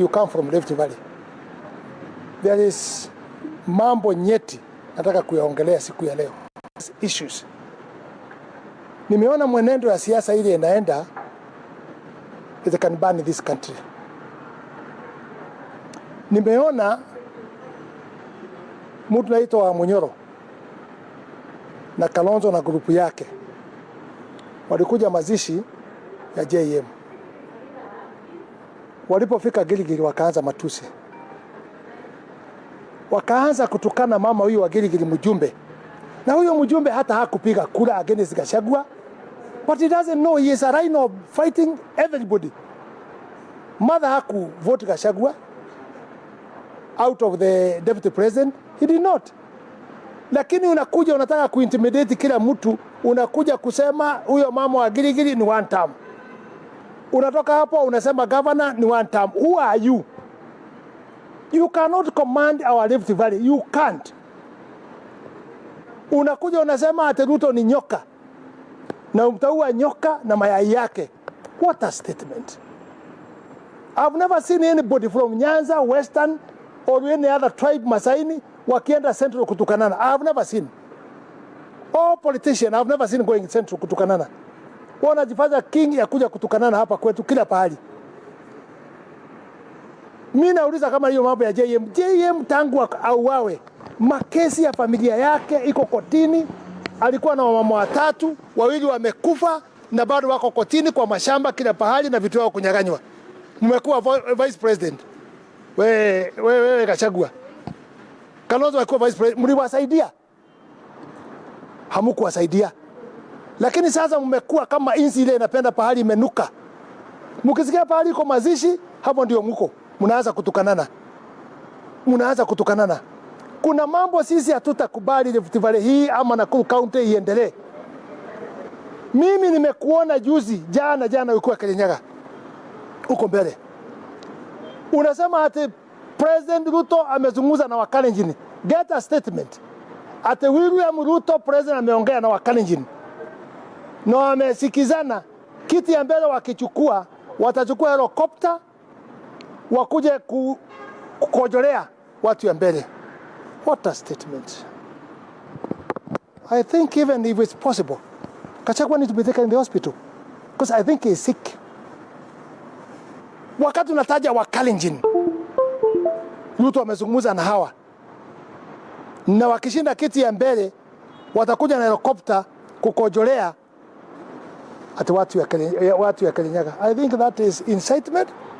you come from Rift Valley. There is mambo nyeti nataka kuyaongelea siku ya leo. Issues. Nimeona mwenendo ya siasa ile inaenda it can burn this country. Nimeona mtu naitwa wa Munyoro na Kalonzo na grupu yake walikuja mazishi ya JM Walipofika Giligili wakaanza matusi, wakaanza kutukana mama huyu wa Giligili mjumbe, na huyo mjumbe hata hakupiga kura against Gachagua, but he doesn't know he is a rhino fighting everybody. Mother haku vote Gachagua out of the deputy president, he did not lakini unakuja unataka kuintimidate kila mtu, unakuja kusema huyo mama wa Giligili ni one time unatoka hapo unasema governor ni one term. Who are you? You cannot command our Rift Valley. You can't. Unakuja unasema ati Ruto ni nyoka na umtaua nyoka na mayai yake. What a statement. I've never seen anybody from Nyanza, Western or any other tribe Masaini wakienda central kutukanana. I've never seen. All politician I've never seen going central kutukanana. Wao wanajifanya king ya kuja kutukanana hapa kwetu kila pahali. Mimi nauliza kama hiyo mambo ya JM, JM tangu auawe, makesi ya familia yake iko kotini. Alikuwa na wamama watatu, wawili wamekufa na bado wako kotini kwa mashamba kila pahali na vitu vyao kunyang'anywa. Nimekuwa vice president. Wewe wewe we, Gachagua. Kalonzo alikuwa vice president, mliwasaidia? Hamkuwasaidia. Lakini sasa mmekuwa kama inzi ile inapenda pahali imenuka. Mkisikia pahali iko mazishi, hapo ndio mko mnaanza kutukanana, mnaanza kutukanana. Kuna mambo sisi hatutakubali Rift Valley hii ama Nakuru County iendelee. Mimi nimekuona juzi jana jana, ulikuwa Kirinyaga uko mbele, unasema ati President Ruto amezungumza na Wakalenjin. Get a statement ati William Ruto president ameongea na Wakalenjin na wamesikizana kiti ya mbele wakichukua watachukua helikopta wakuje kukojolea watu ya mbele. What a statement. I think even if it's possible, Kachagwa needs to be taken in the hospital because I think he's sick. Wakati unataja wa Kalenjin, Ruto amezungumza na hawa na wakishinda kiti ya mbele watakuja na helikopta kukojolea at watu ya, Kali, watu I think that is incitement.